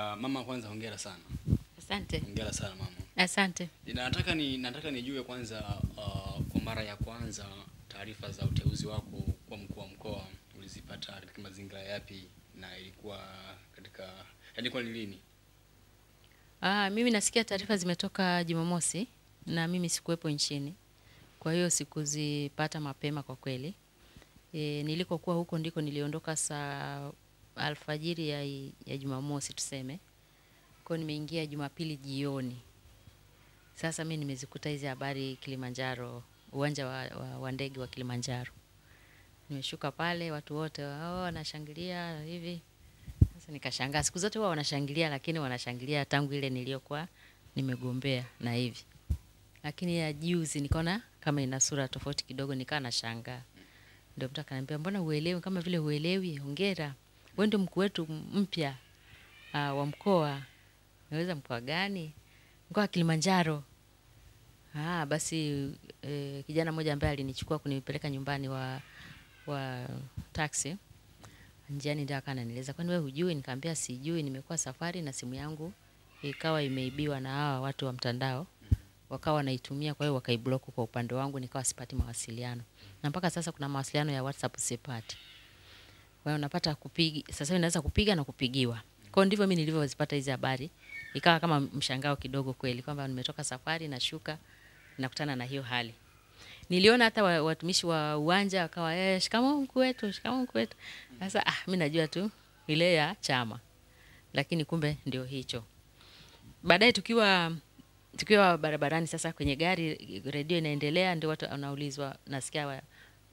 Uh, mama kwanza hongera sana. Asante. Hongera sana mama. Asante. Nataka ni nataka nijue kwanza uh, kwa mara ya kwanza taarifa za uteuzi wako kwa mkuu wa mkoa ulizipata katika mazingira yapi na ilikuwa katika ilikuwa ni lini? Ah, mimi nasikia taarifa zimetoka Jumamosi na mimi sikuwepo nchini. Kwa hiyo sikuzipata mapema kwa kweli. E, nilikokuwa huko ndiko niliondoka saa alfajiri ya, ya Jumamosi tuseme, kwa nimeingia Jumapili jioni. Sasa mi nimezikuta hizi habari Kilimanjaro, uwanja wa, wa, wa ndege wa Kilimanjaro. Nimeshuka pale, watu wote oh, wanashangilia hivi. Sasa nikashangaa, siku zote huwa wanashangilia, lakini wanashangilia tangu ile niliyokuwa nimegombea na hivi, lakini ya juzi nikaona kama ina sura tofauti kidogo, nikaa nashangaa. Ndio mtu akaniambia, mbona uelewi? Kama vile uelewi, hongera wewe ndio mkuu wetu mpya uh, wa mkoa. Naweza mkoa gani? Mkoa wa Kilimanjaro. Ah, basi e, kijana mmoja ambaye alinichukua kunipeleka nyumbani wa wa taxi njiani ndio akawa ananieleza, kwani wewe hujui? Nikamwambia sijui, nimekuwa safari na simu yangu ikawa imeibiwa na hawa watu wa mtandao wakawa wanaitumia, kwa hiyo wakaiblock kwa upande wangu, nikawa sipati mawasiliano, na mpaka sasa kuna mawasiliano ya WhatsApp sipati. Kwa unapata kupigi sasa, hivi naweza kupiga na kupigiwa. Kwa ndivyo mimi nilivyozipata hizi habari, ikawa kama mshangao kidogo kweli kwamba nimetoka safari na shuka nakutana na hiyo hali. Niliona hata watumishi wa uwanja wakawa eh, shikamoo mkuu wetu, shikamoo mkuu wetu. Sasa ah, mimi najua tu ile ya chama, lakini kumbe ndio hicho. Baadaye tukiwa tukiwa barabarani sasa, kwenye gari, redio inaendelea, ndio watu wanaulizwa, nasikia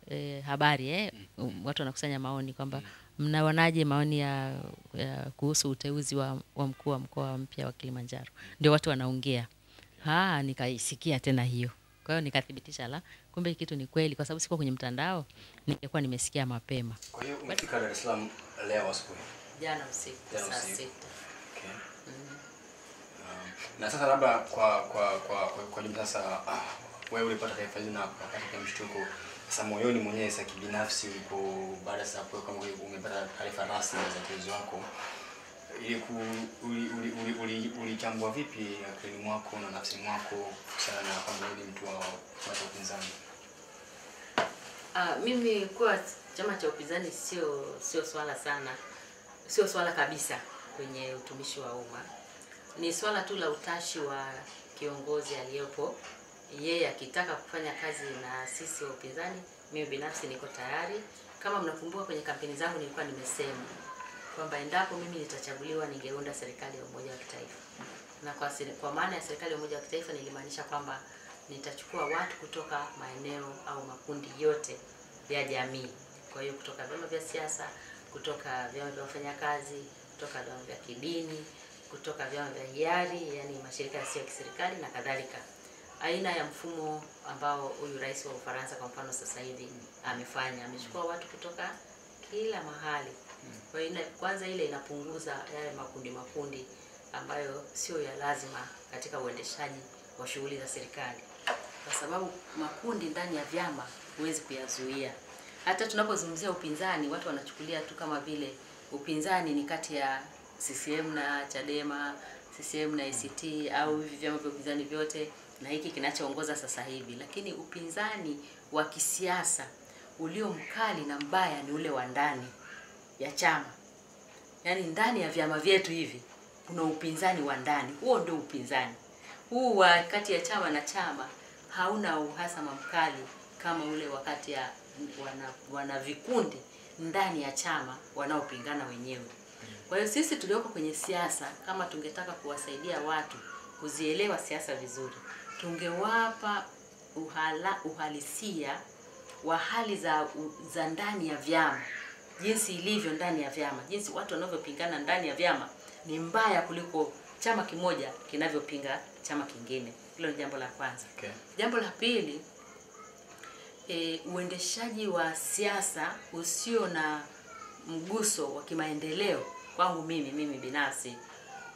e, habari eh, mm. watu wanakusanya maoni kwamba mm. mnaonaje maoni ya, ya kuhusu uteuzi wa, wa mkuu wa mkoa mpya wa Kilimanjaro, ndio watu wanaongea. Ah, nikaisikia tena hiyo, kwa hiyo nikathibitisha la kumbe kitu ni kweli, kwa sababu sikuwa kwenye mtandao, ningekuwa nimesikia mapema. Kwa hiyo umefika Dar es Salaam leo asubuhi? Jana usiku saa sita. Mm-hmm. na sasa labda kwa kwa kwa kwa, kwa, kwa sasa ah, wewe ulipata taifa hili na wakati mshtuko sasa moyoni mwenyewe sasa kibinafsi uko baada sasa kuweka umepata taarifa rasmi za tezi wako ulichambua vipi akili mwako na nafsi mwako sana na kwamba ni mtu wa chama cha upinzani? Ah, mimi kuwa chama cha upinzani sio sio swala sana, sio swala kabisa kwenye utumishi wa umma, ni swala tu la utashi wa kiongozi aliyepo yeye akitaka kufanya kazi na sisi wa upinzani, mimi binafsi niko tayari. Kama mnakumbuka kwenye kampeni zangu nilikuwa nimesema kwamba endapo mimi nitachaguliwa, ningeunda serikali ya umoja wa kitaifa, na kwa, kwa maana ya serikali ya umoja wa kitaifa nilimaanisha kwamba nitachukua watu kutoka maeneo au makundi yote ya jamii. Kwa hiyo kutoka vyama vya siasa, kutoka vyama vya wafanyakazi, kutoka vyama vya kidini, kutoka vyama vya hiari, yani mashirika yasiyo ya kiserikali na kadhalika aina ya mfumo ambao huyu rais wa Ufaransa kwa mfano sasa hivi amefanya, amechukua watu kutoka kila mahali. Kwa hiyo kwanza ile inapunguza yale makundi makundi ambayo sio ya lazima katika uendeshaji wa shughuli za serikali, kwa sababu makundi ndani ya vyama huwezi kuyazuia. Hata tunapozungumzia upinzani, watu wanachukulia tu kama vile upinzani ni kati ya CCM na Chadema, CCM na ACT au hivi vyama vya upinzani vyote na hiki kinachoongoza sasa hivi, lakini upinzani wa kisiasa ulio mkali na mbaya ni ule wa ndani ya chama, yaani ndani ya vyama vyetu hivi kuna upinzani wa ndani. Huo ndio upinzani huu wa kati ya chama na chama hauna uhasama mkali kama ule wakati ya wana, wana vikundi ndani ya chama wanaopingana wenyewe. Kwa hiyo sisi tulioko kwenye siasa, kama tungetaka kuwasaidia watu kuzielewa siasa vizuri, tungewapa uhala, uhalisia wa hali za, za ndani ya vyama, jinsi ilivyo ndani ya vyama, jinsi watu wanavyopingana ndani ya vyama ni mbaya kuliko chama kimoja kinavyopinga chama kingine. Hilo ni jambo la kwanza. Okay. Jambo la pili, e, uendeshaji wa siasa usio na mguso wa kimaendeleo kwangu mimi mimi binafsi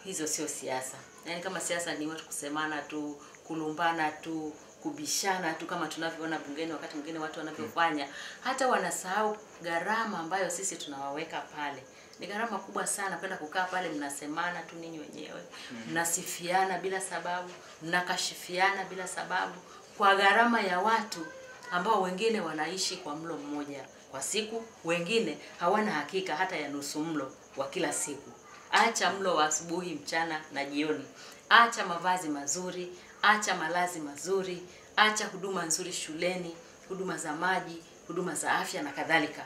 hizo sio siasa. Yaani kama siasa ni watu kusemana tu, kulumbana tu, kubishana tu kama tunavyoona bungeni wakati mwingine watu wanavyofanya. Hata wanasahau gharama ambayo sisi tunawaweka pale ni gharama kubwa sana kwenda kukaa pale, mnasemana tu ninyi wenyewe, mnasifiana bila sababu, mnakashifiana bila sababu, kwa gharama ya watu ambao wengine wanaishi kwa mlo mmoja kwa siku, wengine hawana hakika hata ya nusu mlo wa kila siku. Acha mlo wa asubuhi, mchana na jioni, acha mavazi mazuri, acha malazi mazuri, acha huduma nzuri shuleni, huduma za maji, huduma za afya na kadhalika.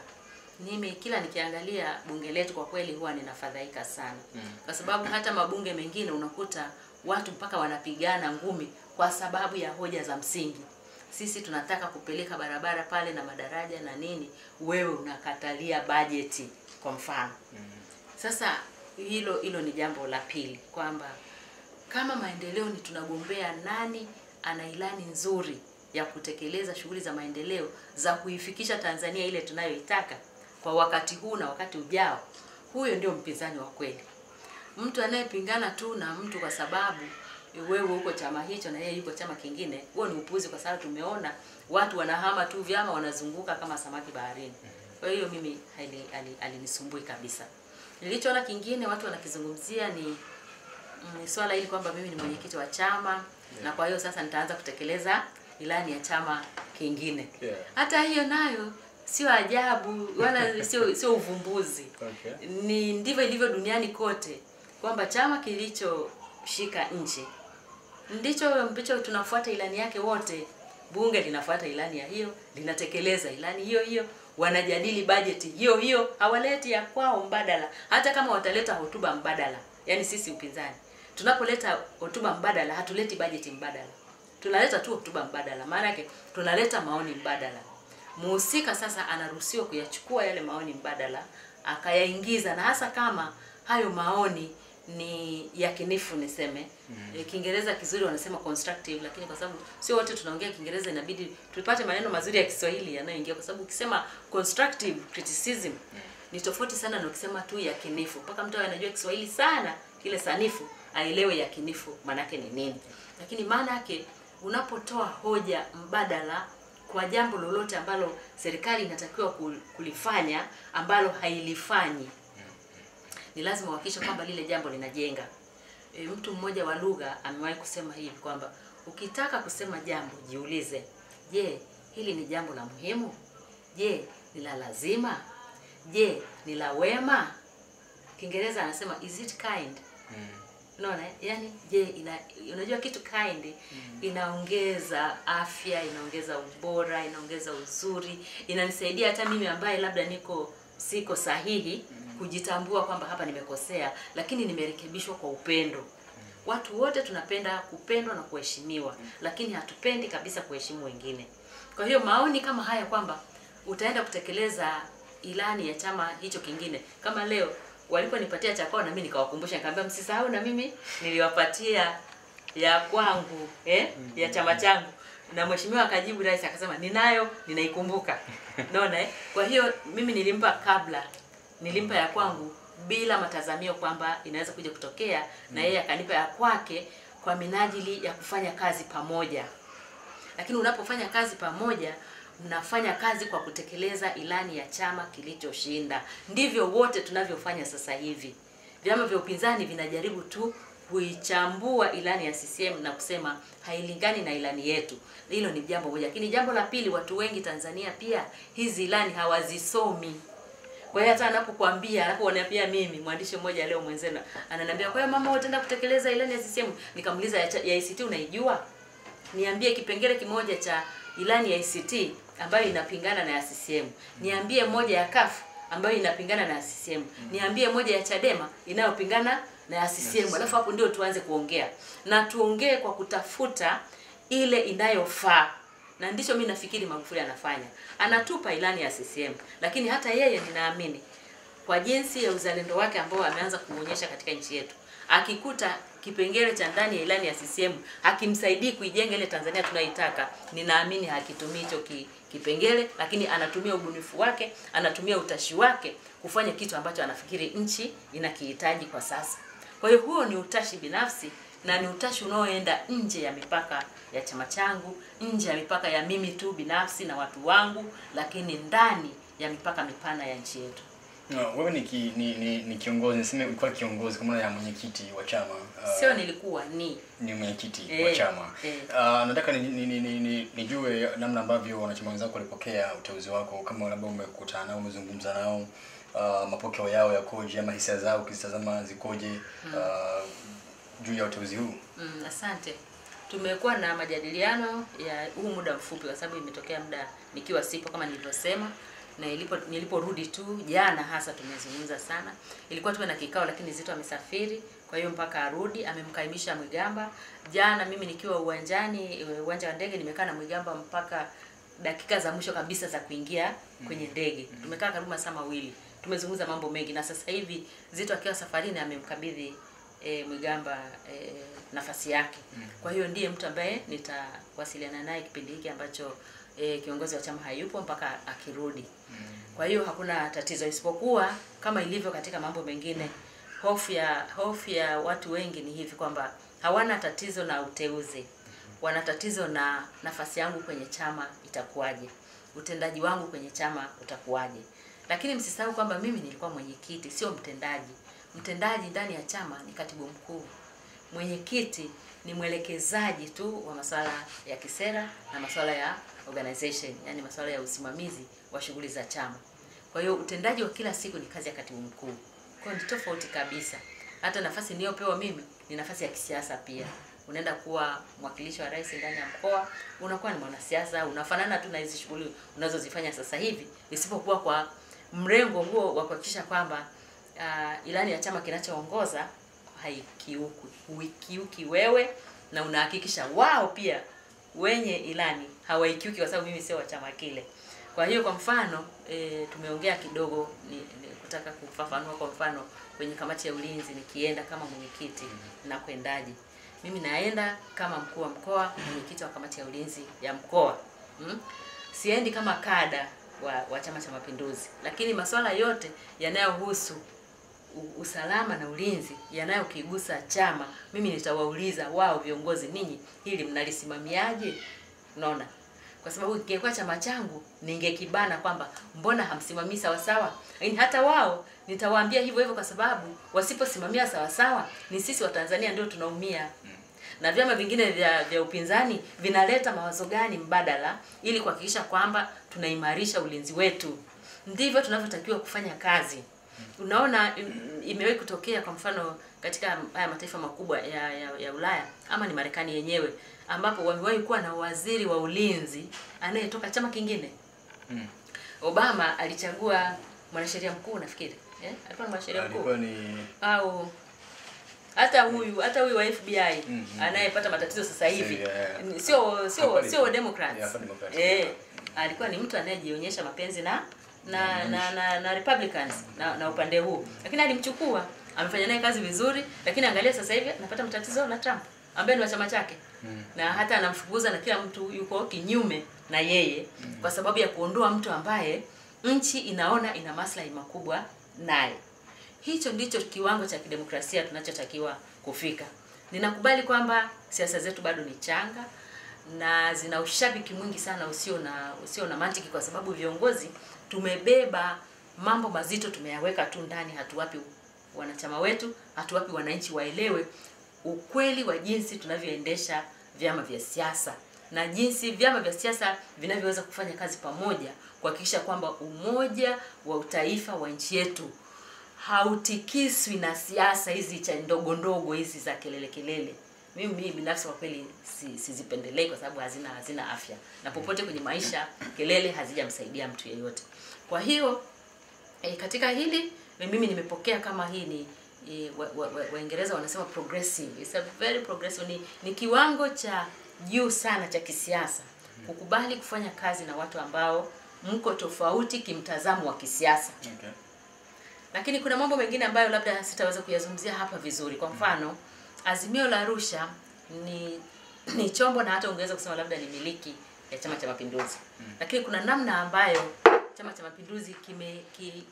Mimi kila nikiangalia bunge letu kwa kweli huwa ninafadhaika sana, mm. kwa sababu hata mabunge mengine unakuta watu mpaka wanapigana ngumi kwa sababu ya hoja za msingi. Sisi tunataka kupeleka barabara pale na madaraja na nini, wewe unakatalia bajeti kwa mfano. Mm. Sasa hilo hilo ni jambo la pili kwamba kama maendeleo ni tunagombea nani ana ilani nzuri ya kutekeleza shughuli za maendeleo za kuifikisha Tanzania ile tunayoitaka kwa wakati huu na wakati ujao, huyo ndio mpinzani wa kweli. Mtu anayepingana tu na mtu kwa sababu wewe uko chama hicho na yeye yuko chama kingine, huo ni upuzi, kwa sababu tumeona watu wanahama tu vyama, wanazunguka kama samaki baharini. Kwa hiyo mimi alinisumbui kabisa. Nilichoona kingine watu wanakizungumzia ni Mm, swala hili kwamba mimi ni mwenyekiti wa chama yeah. na kwa hiyo sasa nitaanza kutekeleza ilani ya chama kingine yeah. hata hiyo nayo sio ajabu wala sio sio uvumbuzi okay. ni ndivyo ilivyo duniani kote kwamba chama kilichoshika nchi ndicho mpicho tunafuata ilani yake wote. Bunge linafuata ilani ya hiyo, linatekeleza ilani hiyo hiyo, wanajadili bajeti hiyo hiyo, hawaleti ya kwao mbadala, hata kama wataleta hotuba mbadala, yaani sisi upinzani Tunapoleta hotuba mbadala, hatuleti bajeti mbadala, tunaleta tu hotuba mbadala. Maana yake tunaleta maoni mbadala. Muhusika sasa anaruhusiwa kuyachukua yale maoni mbadala akayaingiza, na hasa kama hayo maoni ni yakinifu niseme mm -hmm. Kiingereza kizuri wanasema constructive, lakini kwa sababu sio wote tunaongea Kiingereza inabidi tupate maneno mazuri ya Kiswahili yanayoingia, kwa sababu ukisema constructive criticism mm -hmm. ni tofauti sana na ukisema tu yakinifu, mpaka mtu anajua Kiswahili sana kile sanifu aelewe yakinifu maanake ni nini. Lakini maana yake unapotoa hoja mbadala kwa jambo lolote ambalo serikali inatakiwa kulifanya ambalo hailifanyi, ni lazima uhakikishe kwamba lile jambo linajenga. E, mtu mmoja wa lugha amewahi kusema hivi kwamba ukitaka kusema jambo jiulize, je, hili ni jambo la muhimu? Je, ni la lazima? Je, ni la wema? Kiingereza anasema is it kind? Mm. unaona mm. yani je ina, unajua kitu kind mm. inaongeza afya inaongeza ubora inaongeza uzuri inanisaidia hata mimi ambaye labda niko siko sahihi mm. kujitambua kwamba hapa nimekosea lakini nimerekebishwa kwa upendo mm. watu wote tunapenda kupendwa na kuheshimiwa mm. lakini hatupendi kabisa kuheshimu wengine kwa hiyo maoni kama haya kwamba utaenda kutekeleza ilani ya chama hicho kingine kama leo waliponipatia cha kwao, na mimi nikawakumbusha, nikamwambia msisahau, na mimi niliwapatia ya kwangu eh, ya chama changu na mheshimiwa akajibu rais akasema ninayo ninaikumbuka naona eh? kwa hiyo mimi nilimpa kabla nilimpa ya kwangu bila matazamio kwamba inaweza kuja kutokea na yeye akanipa ya kwake kwa minajili ya kufanya kazi pamoja lakini unapofanya kazi pamoja mnafanya kazi kwa kutekeleza ilani ya chama kilichoshinda. Ndivyo wote tunavyofanya sasa hivi. Vyama vya upinzani vinajaribu tu kuichambua ilani ya CCM na kusema hailingani na ilani yetu. Hilo ni jambo moja, lakini jambo la pili, watu wengi Tanzania pia hizi ilani hawazisomi. Kwa hiyo hata anapokuambia alafu wananiambia mimi mwandishi mmoja leo mwenzenu ananiambia, kwa hiyo mama, utaenda kutekeleza ilani ya CCM? Nikamuuliza, ya, ya ICT unaijua? Niambie kipengele kimoja cha ilani ya ICT ambayo inapingana na ya CCM, niambie moja ya CUF ambayo inapingana na ya CCM, niambie moja ya Chadema inayopingana na ya CCM, alafu hapo ndio tuanze kuongea na tuongee kwa kutafuta ile inayofaa na ndicho mimi nafikiri Magufuli anafanya. Anatupa ilani ya CCM, lakini hata yeye ninaamini kwa jinsi ya uzalendo wake ambao ameanza kuonyesha katika nchi yetu, akikuta kipengele cha ndani ya ilani ya CCM hakimsaidii kuijenga ile Tanzania tunaitaka, ninaamini hakitumii hicho ki, kipengele, lakini anatumia ubunifu wake, anatumia utashi wake kufanya kitu ambacho anafikiri nchi inakihitaji kwa sasa. Kwa hiyo huo ni utashi binafsi na ni utashi unaoenda nje ya mipaka ya chama changu, nje ya mipaka ya mimi tu binafsi na watu wangu, lakini ndani ya mipaka mipana ya nchi yetu. No, wewe ni, ki, ni, ni, ni kiongozi niseme ulikuwa kiongozi kwa maana ya mwenyekiti wa chama uh, sio nilikuwa ni ni mwenyekiti e, wa eh, chama e. Uh, nataka ni, ni, ni, ni, ni, nijue namna ambavyo wanachama wenzako walipokea uteuzi wako, kama labda umekutana nao, umezungumza nao uh, mapokeo yao yakoje ama hisia zao ukizitazama zikoje mm. uh, juu ya uteuzi huu? Mm, asante tumekuwa na majadiliano ya huu muda mfupi, kwa sababu imetokea muda nikiwa sipo, kama nilivyosema na ilipo niliporudi tu jana hasa tumezungumza sana. Ilikuwa tuwe na kikao, lakini Zito amesafiri, kwa hiyo mpaka arudi. Amemkaimisha Mwigamba jana. Mimi nikiwa uwanjani, eh, uwanja wa ndege, nimekaa na Mwigamba mpaka dakika za mwisho kabisa za kuingia kwenye ndege. Mm. Tumekaa karibu masaa mawili, tumezungumza mambo mengi, na sasa hivi Zito akiwa safarini amemkabidhi e, Mwigamba e, nafasi yake. Mm. Kwa hiyo ndiye mtu ambaye nitawasiliana naye kipindi hiki ambacho e, kiongozi wa chama hayupo mpaka akirudi. Kwa hiyo hakuna tatizo, isipokuwa kama ilivyo katika mambo mengine, hofu ya hofu ya watu wengi ni hivi kwamba hawana tatizo na uteuzi, wana tatizo na nafasi yangu kwenye chama itakuwaje, utendaji wangu kwenye chama utakuwaje. Lakini msisahau kwamba mimi nilikuwa mwenyekiti, sio mtendaji. Mtendaji ndani ya chama ni katibu mkuu, mwenyekiti ni mwelekezaji tu wa masuala ya kisera na masuala ya organization, yani masuala ya usimamizi wa shughuli za chama. Kwa hiyo utendaji wa kila siku ni kazi ya katibu mkuu, kwa ni tofauti kabisa. Hata nafasi niliyopewa mimi ni nafasi ya kisiasa pia. Unaenda kuwa mwakilishi wa rais ndani ya mkoa, unakuwa ni mwanasiasa, unafanana tu na hizi shughuli unazozifanya sasa hivi, isipokuwa kwa mrengo huo wa kuhakikisha kwamba uh, ilani ya chama kinachoongoza haikiuki huikiuki wewe na unahakikisha wao pia wenye ilani hawaikiuki, kwa sababu mimi sio wa chama kile. Kwa hiyo kwa mfano e, tumeongea kidogo ni, ni kutaka kufafanua kwa mfano kwenye kamati ya ulinzi, nikienda kama mwenyekiti na kwendaje? Mimi naenda kama mkuu wa mkoa, mwenyekiti wa kamati ya ulinzi ya mkoa hmm? Siendi kama kada wa, wa Chama cha Mapinduzi, lakini masuala yote yanayohusu usalama na ulinzi yanayokigusa chama, mimi nitawauliza wao viongozi, ninyi hili mnalisimamiaje? Unaona, kwa sababu ingekuwa chama changu ningekibana kwamba mbona hamsimamii sawasawa. Yaani hata wao nitawaambia hivyo hivyo, kwa sababu wasiposimamia sawasawa ni sisi Watanzania ndio tunaumia. Na vyama vingine vya, vya upinzani vinaleta mawazo gani mbadala ili kuhakikisha kwamba tunaimarisha ulinzi wetu. Ndivyo tunavyotakiwa kufanya kazi. Unaona, imewahi kutokea kwa mfano katika haya mataifa makubwa ya, ya, ya Ulaya ama ni Marekani yenyewe ambapo wamewahi kuwa na waziri wa ulinzi anayetoka chama kingine mm. Obama alichagua mwanasheria mkuu nafikiri eh? alikuwa mwanasheria mkuu ni... au hata huyu hata huyu wa FBI mm -hmm. anayepata matatizo sasa hivi sio sio sio Democrats eh, alikuwa ni mtu anayejionyesha mapenzi na na na, na na Republicans na, na upande huu, lakini alimchukua amefanya naye kazi vizuri, lakini angalia sasa hivi anapata matatizo na Trump ambaye ni wa chama chake mm. na hata anamfukuza na kila mtu yuko kinyume na yeye mm. kwa sababu ya kuondoa mtu ambaye nchi inaona ina maslahi makubwa naye. Hicho ndicho kiwango cha kidemokrasia tunachotakiwa kufika. Ninakubali kwamba siasa zetu bado ni changa na zina ushabiki mwingi sana usio na usio na mantiki, kwa sababu viongozi tumebeba mambo mazito, tumeyaweka tu ndani, hatuwapi wanachama wetu, hatuwapi wananchi waelewe ukweli wa jinsi tunavyoendesha vyama vya siasa na jinsi vyama vya siasa vinavyoweza kufanya kazi pamoja kuhakikisha kwamba umoja wa utaifa wa nchi yetu hautikiswi na siasa hizi cha ndogo ndogo hizi za kelele kelele mimi mimi binafsi kwa kweli sizipendelei si kwa sababu hazina hazina afya na popote kwenye maisha kelele hazijamsaidia mtu yeyote. Kwa hiyo e, katika hili mimi nimepokea kama hii ni e, eh, Waingereza wa, wa, wanasema progressive. It's a very progressive ni, ni kiwango cha juu sana cha kisiasa kukubali kufanya kazi na watu ambao mko tofauti kimtazamo wa kisiasa. Okay. Lakini kuna mambo mengine ambayo labda sitaweza kuyazungumzia hapa vizuri. Kwa mfano mm -hmm Azimio la Arusha ni ni chombo na hata ungeweza kusema labda ni miliki ya Chama cha Mapinduzi mm. lakini kuna namna ambayo Chama cha Mapinduzi kime ki,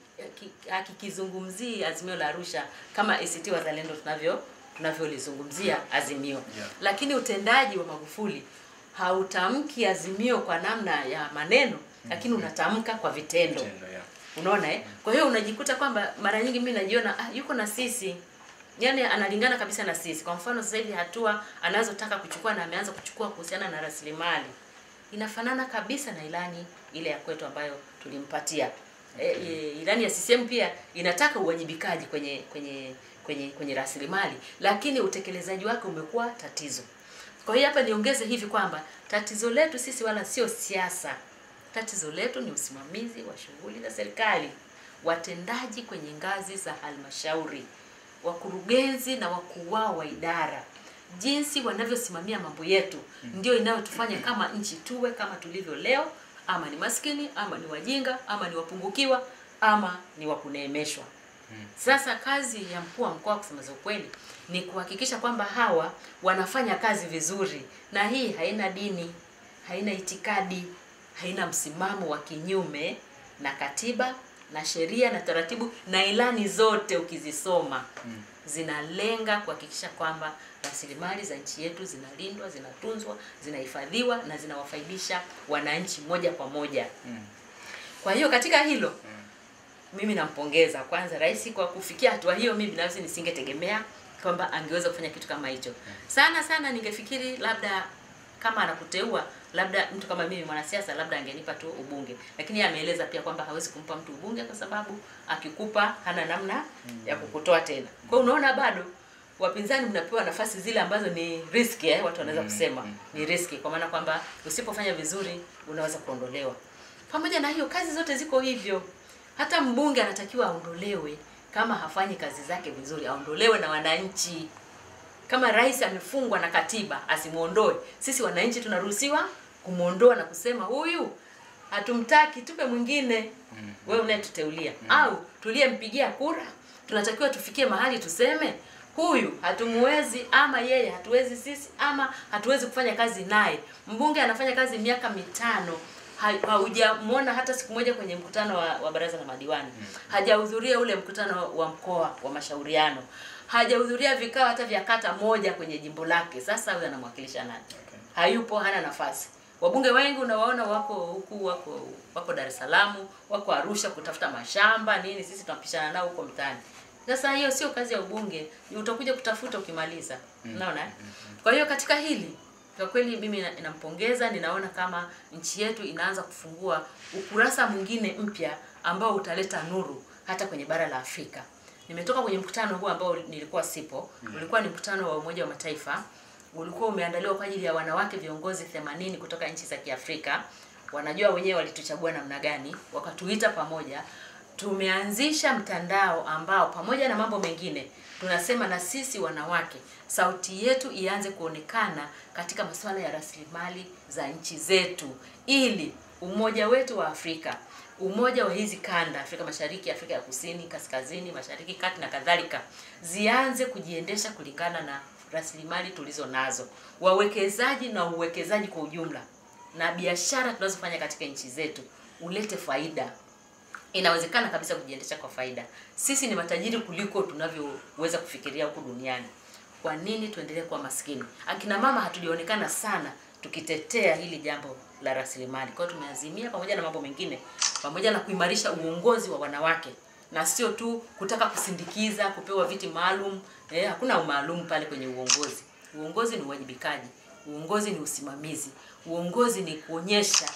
ki, Azimio la Arusha kama ACT Wazalendo tunavyo tunavyolizungumzia mm. Azimio yeah. lakini utendaji wa Magufuli hautamki Azimio kwa namna ya maneno mm. lakini unatamka kwa vitendo, vitendo yeah. unaona eh? Mm. kwa hiyo unajikuta kwamba mara nyingi mimi najiona ah, yuko na sisi yani analingana kabisa na sisi. Kwa mfano sasa hivi hatua anazotaka kuchukua na ameanza kuchukua kuhusiana na rasilimali inafanana kabisa na ilani ile ya kwetu ambayo tulimpatia. Eh, okay. E, e, ilani ya CCM pia inataka uwajibikaji kwenye kwenye kwenye kwenye rasilimali, lakini utekelezaji wake umekuwa tatizo. Kwa hiyo hapa niongeze hivi kwamba tatizo letu sisi wala sio siasa, tatizo letu ni usimamizi wa shughuli za serikali, watendaji kwenye ngazi za halmashauri wakurugenzi na wakuu wao wa idara jinsi wanavyosimamia mambo yetu mm. ndio inayotufanya kama nchi tuwe kama tulivyo leo ama ni maskini ama ni wajinga ama ni wapungukiwa ama ni wakuneemeshwa mm. sasa kazi ya mkuu wa mkoa kusema za ukweli ni kuhakikisha kwamba hawa wanafanya kazi vizuri na hii haina dini haina itikadi haina msimamo wa kinyume na katiba na sheria na taratibu na ilani zote ukizisoma mm. zinalenga kuhakikisha kwamba rasilimali za nchi yetu zinalindwa, zinatunzwa, zinahifadhiwa na zinawafaidisha wananchi moja kwa moja mm. Kwa hiyo katika hilo mm. mimi nampongeza kwanza rais kwa kufikia hatua hiyo. Mimi binafsi nisingetegemea kwamba angeweza kufanya kitu kama hicho. Hmm. Sana sana ningefikiri labda kama anakuteua labda mtu kama mimi mwanasiasa labda angenipa tu ubunge, lakini ameeleza pia kwamba hawezi kumpa mtu ubunge kwa sababu akikupa hana namna ya kukutoa tena. Kwa unaona bado wapinzani mnapewa nafasi zile ambazo ni riski eh, watu wanaweza mm, kusema mm, mm. ni riski, kwa maana kwamba usipofanya vizuri unaweza kuondolewa. Pamoja na hiyo, kazi zote ziko hivyo, hata mbunge anatakiwa aondolewe kama hafanyi kazi zake vizuri, aondolewe na wananchi. Kama rais amefungwa na katiba asimuondoe, sisi wananchi tunaruhusiwa kumuondoa na kusema huyu hatumtaki, tupe mwingine, mm. wewe unayetuteulia mm. au tuliyempigia kura. Tunatakiwa tufikie mahali tuseme huyu hatumuwezi, ama yeye hatuwezi sisi, ama hatuwezi kufanya kazi naye. Mbunge anafanya kazi miaka mitano haujamwona hata siku moja kwenye mkutano wa, wa baraza la madiwani, mm-hmm. hajahudhuria ule mkutano wa mkoa wa mashauriano hajahudhuria vikao hata vya kata moja kwenye jimbo lake. Sasa huyu anamwakilisha nani? Okay. Hayupo, hana nafasi. Wabunge wengi unawaona wako huku, wako wako Dar es Salaam, wako Arusha kutafuta mashamba nini, sisi tunapishana nao huko mtaani. Sasa hiyo sio kazi ya ubunge, utakuja kutafuta ukimaliza. Mm-hmm. Unaona? Eh? Mm-hmm. Kwa hiyo katika hili kwa kweli mimi nampongeza, ninaona kama nchi yetu inaanza kufungua ukurasa mwingine mpya ambao utaleta nuru hata kwenye bara la Afrika nimetoka kwenye mkutano huu ambao nilikuwa sipo mm. ulikuwa ni mkutano wa Umoja wa Mataifa ulikuwa umeandaliwa kwa ajili ya wanawake viongozi 80 kutoka nchi za Kiafrika. Wanajua wenyewe walituchagua namna gani, wakatuita pamoja. Tumeanzisha mtandao ambao pamoja na mambo mengine tunasema na sisi wanawake sauti yetu ianze kuonekana katika masuala ya rasilimali za nchi zetu, ili umoja wetu wa Afrika umoja wa hizi kanda, Afrika Mashariki, Afrika ya Kusini, Kaskazini, Mashariki Kati na kadhalika, zianze kujiendesha kulingana na rasilimali tulizo nazo, wawekezaji na uwekezaji kwa ujumla, na biashara tunazofanya katika nchi zetu ulete faida. Inawezekana kabisa kujiendesha kwa faida. Sisi ni matajiri kuliko tunavyoweza kufikiria huko duniani. Kwa nini tuendelee kuwa maskini? Akina mama hatujaonekana sana tukitetea hili jambo la rasilimali. Kwa hiyo tumeazimia pamoja na mambo mengine pamoja na kuimarisha uongozi wa wanawake na sio tu kutaka kusindikiza kupewa viti maalum. Eh, hakuna umaalum pale kwenye uongozi. Uongozi ni uwajibikaji, uongozi ni usimamizi, uongozi ni kuonyesha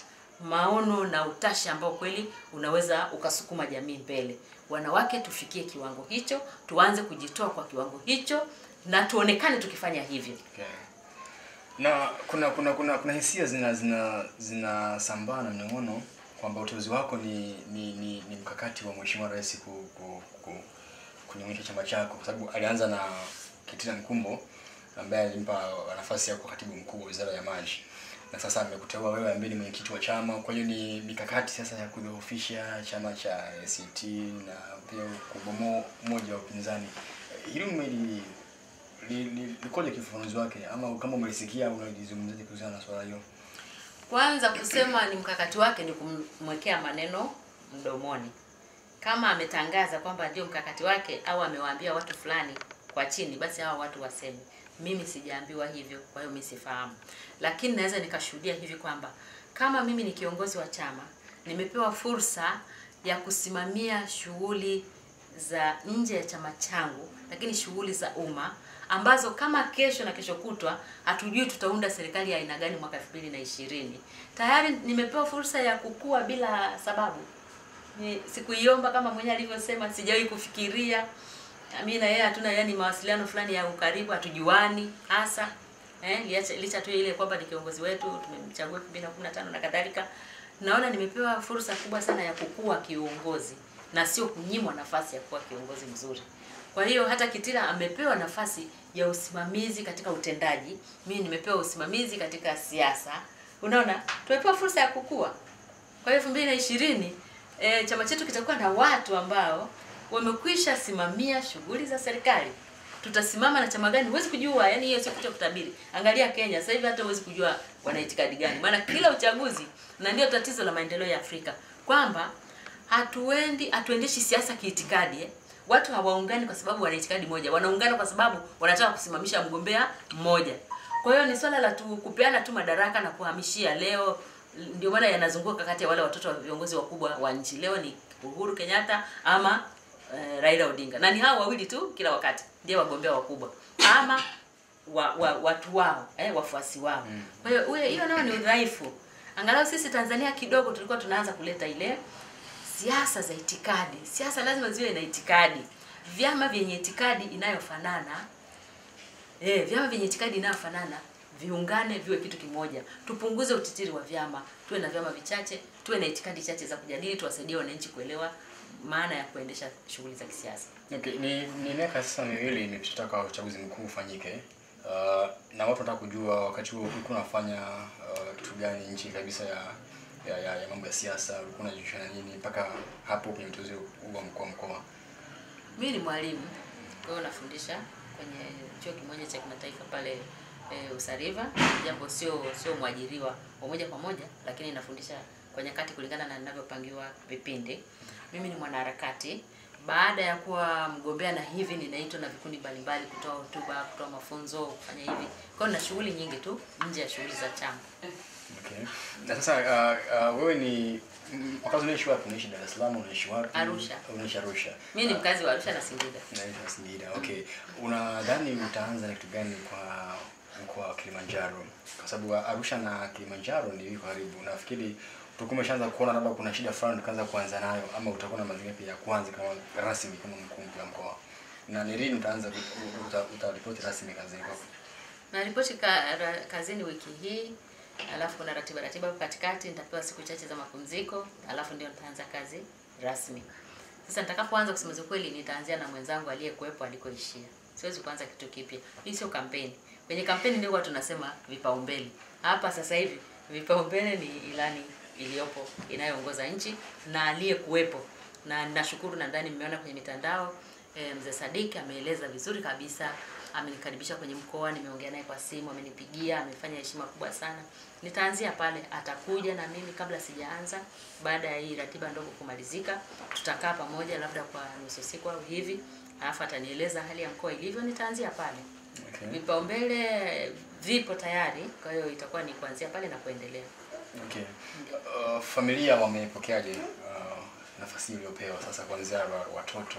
maono na utashi ambao kweli unaweza ukasukuma jamii mbele. Wanawake tufikie kiwango hicho, tuanze kujitoa kwa kiwango hicho na tuonekane tukifanya hivyo. Okay. Na kuna kuna kuna, kuna hisia zina zina zinasambaa na mnong'ono kwamba uteuzi wako ni, ni, ni, ni mkakati wa Mheshimiwa Rais ku, ku, ku, kunyumisha chama chako, kwa sababu alianza na Kitila mkumbo ambaye alimpa nafasi ya kuwa katibu mkuu wa Wizara ya Maji na sasa amekuteua wewe ambaye ni mwenyekiti wa chama. Kwa hiyo ni mikakati sasa ya kudhoofisha chama cha ACT na pia kubomoa moja wa upinzani. Hilo mmeli likoje kifafanuzi wake, ama kama umelisikia unalizungumzaje kuhusiana na swala hilo? Kwanza kusema ni mkakati wake ni kumwekea maneno mdomoni, kama ametangaza kwamba ndio mkakati wake au amewaambia watu fulani kwa chini, basi hawa watu waseme mimi sijaambiwa hivyo, kwa hiyo mimi sifahamu. Lakini naweza nikashuhudia hivi kwamba kama mimi ni kiongozi wa chama, nimepewa fursa ya kusimamia shughuli za nje ya chama changu, lakini shughuli za umma ambazo kama kesho na kesho kutwa hatujui tutaunda serikali ya aina gani mwaka 2020. Tayari nimepewa fursa ya kukua bila sababu. Ni, sikuiomba kama mwenye alivyosema, sijawahi kufikiria. Mimi na yeye hatuna yani mawasiliano fulani ya ukaribu, hatujuani hasa. Eh, liacha, licha tu ile kwamba ni kiongozi wetu tumemchagua 2015 na kadhalika. Naona nimepewa fursa kubwa sana ya kukua kiongozi na sio kunyimwa nafasi ya kuwa kiongozi mzuri. Kwa hiyo hata Kitila amepewa nafasi ya usimamizi katika utendaji, mimi nimepewa usimamizi katika siasa. Unaona, tumepewa fursa ya kukua. Kwa hiyo 2020 e, eh, chama chetu kitakuwa na watu ambao wamekwisha simamia shughuli za serikali. Tutasimama na chama gani? Huwezi kujua, yani hiyo sio kitu kutabiri. Angalia Kenya sasa hivi, hata huwezi kujua wana itikadi gani, maana kila uchaguzi, na ndio tatizo la maendeleo ya Afrika kwamba hatuendi hatuendeshi siasa kiitikadi eh? watu hawaungani kwa sababu wana itikadi moja, wanaungana kwa sababu wanataka kusimamisha mgombea mmoja. Kwa hiyo ni swala la tu kupeana tu madaraka na kuhamishia. Leo ndio maana yanazunguka kati ya wale watoto wa viongozi wakubwa wa nchi. Leo ni Uhuru Kenyatta ama e, Raila Odinga, na ni hao wawili tu kila wakati ndio wagombea wakubwa ama wa, wa, watu wao eh, wafuasi wao mm. Kwa hiyo hiyo nao ni udhaifu. Angalau sisi Tanzania kidogo tulikuwa tunaanza kuleta ile siasa za itikadi. Siasa lazima ziwe na itikadi, vyama vyenye itikadi inayofanana e, vyama vyenye itikadi inayofanana viungane, viwe kitu kimoja, tupunguze utitiri wa vyama, tuwe na vyama vichache, tuwe na itikadi chache za kujadili, tuwasaidie wananchi kuelewa maana ya kuendesha shughuli za kisiasa. Okay, ni ni miaka sasa miwili nikitaka uchaguzi mkuu ufanyike. Uh, na watu wanataka kujua wakati huo ulikuwa unafanya uh, kitu gani nchi kabisa ya ya, ya, ya mambo ya siasa, ulikuwa unajishughulisha na nini mpaka hapo kwenye uteuzi wa mkuu wa mkoa? Mimi ni mwalimu, kwa hiyo nafundisha kwenye chuo kimoja cha kimataifa pale e, eh, Usariva, japo sio sio mwajiriwa wa moja kwa moja, lakini nafundisha kwa nyakati kulingana na ninavyopangiwa vipindi. Mimi ni mwanaharakati baada ya kuwa mgombea na hivi ninaitwa na vikundi mbalimbali kutoa hotuba, kutoa mafunzo, kufanya hivi. Kwa hiyo na shughuli nyingi tu nje ya shughuli za chama. Okay. Na sasa uh, uh, wewe ni mkazi mm, unaishi wapi? Unaishi Dar es Salaam, unaishi wapi? Arusha. Unaishi Arusha. Mimi ni mkazi wa Arusha na Singida. Unaishi na Singida. Okay. Unadhani utaanza na kitu gani kwa mkoa wa Kilimanjaro? Kwa sababu uh, Arusha na Kilimanjaro ni karibu. Nafikiri utakuwa umeshaanza kuona labda kuna shida fulani ukaanza kuanza nayo ama utakuwa na mazingira ya kuanza kama rasmi kama mkuu wa mkoa. Na ni lini utaanza utaripoti uta, uta rasmi kazini kwako? Naripoti ka, ra, kazini wiki hii alafu kuna ratiba ratiba katikati, nitapewa siku chache za mapumziko, alafu ndio nitaanza kazi rasmi. Sasa nitakapoanza kusema kweli, nitaanzia na mwenzangu aliyekuwepo alikoishia. Siwezi kuanza kitu kipya. Hii sio kampeni. Kwenye kampeni ndio watu nasema vipaumbele. Hapa sasa hivi vipaumbele ni ilani iliyopo inayoongoza nchi na aliyekuwepo, na nashukuru, nadhani mmeona kwenye mitandao e, mzee Sadiki ameeleza vizuri kabisa amenikaribisha kwenye mkoa, nimeongea naye kwa simu, amenipigia, amefanya heshima kubwa sana. Nitaanzia pale, atakuja na mimi kabla sijaanza, baada ya hii ratiba ndogo kumalizika, tutakaa pamoja labda kwa nusu siku au hivi, alafu atanieleza hali ya mkoa ilivyo, nitaanzia pale. Okay. Vipaumbele vipo tayari, kwa hiyo itakuwa ni kuanzia pale na kuendelea. Okay. Uh, familia wamepokeaje uh, nafasi uliopewa sasa, kuanzia watoto,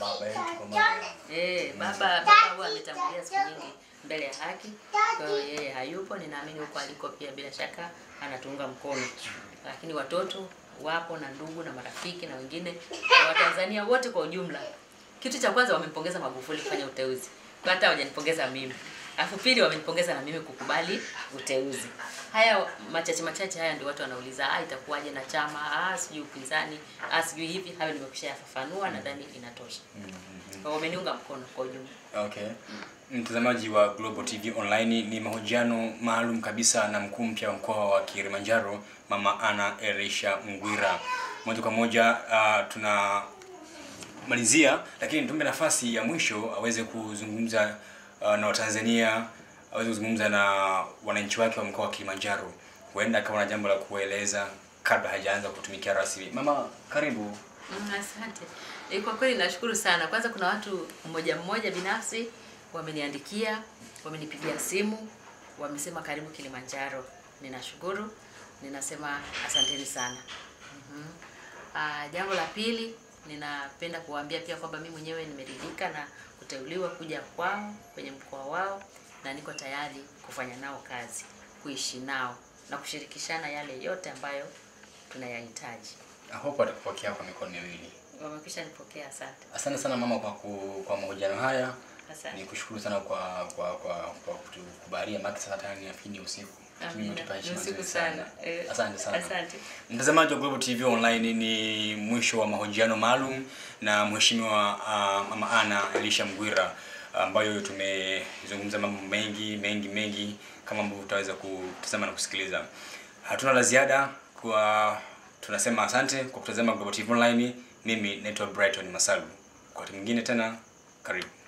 baba yetu kwa mama eh, baba baba huwa ametangulia siku nyingi mbele ya haki. Kwa hiyo yeye hayupo, ninaamini huko aliko pia bila shaka anatunga mkono, lakini watoto wapo na ndugu na marafiki na wengine Watanzania wote kwa ujumla. Kitu cha kwanza wamempongeza Magufuli kufanya uteuzi, hata hawajanipongeza mimi, afu pili wamenipongeza na mimi kukubali uteuzi haya machache machache haya ndio watu wanauliza, ah, itakuwaje na chama, ah, sijui upinzani, ah, sijui hivi. Hayo nimekushayafafanua mm. nadhani inatosha mm -hmm. Kwa wameniunga mkono kwa ujumla. Okay. Mtazamaji wa Global TV Online, ni mahojiano maalum kabisa na mkuu mpya wa mkoa wa Kilimanjaro, Mama Ana Elisha Mgwira. Moja kwa moja uh, ah, tuna malizia lakini nitumpe nafasi ya mwisho aweze kuzungumza uh, na Watanzania aweze kuzungumza na wananchi wake wa mkoa wa Kilimanjaro, huenda akawa na jambo la kueleza kabla hajaanza kutumikia rasmi. Mama, karibu. Mm, asante. E, kwa kweli nashukuru sana. Kwanza kuna watu mmoja mmoja binafsi wameniandikia, wamenipigia simu, wamesema karibu Kilimanjaro. Ninashukuru, ninasema asanteni sana. Mm -hmm. Jambo la pili ninapenda kuwaambia pia kwamba mimi mwenyewe nimeridhika na kuteuliwa kuja kwao kwenye mkoa wao na niko tayari kufanya nao kazi, kuishi nao na kushirikishana yale yote ambayo tunayahitaji. I hope watakupokea kwa mikono miwili. Wamekisha nipokea, asante. Asante sana mama kwa ku, kwa mahojiano haya. Asante. kushukuru sana kwa kwa kwa, kwa kutukubalia maana sasa tayari ni usiku. Eh, asante Sana. Asante sana. Mtazamaji wa Global TV Online, ni mwisho wa mahojiano maalum na mheshimiwa uh, Mama Ana Elisha Mgwira ambayo tumezungumza mambo mengi mengi mengi kama ambavyo utaweza kutazama na kusikiliza. Hatuna la ziada kwa tunasema asante kwa kutazama Global TV Online. Mimi naitwa Brighton Masalu. Wakati mwingine tena, karibu.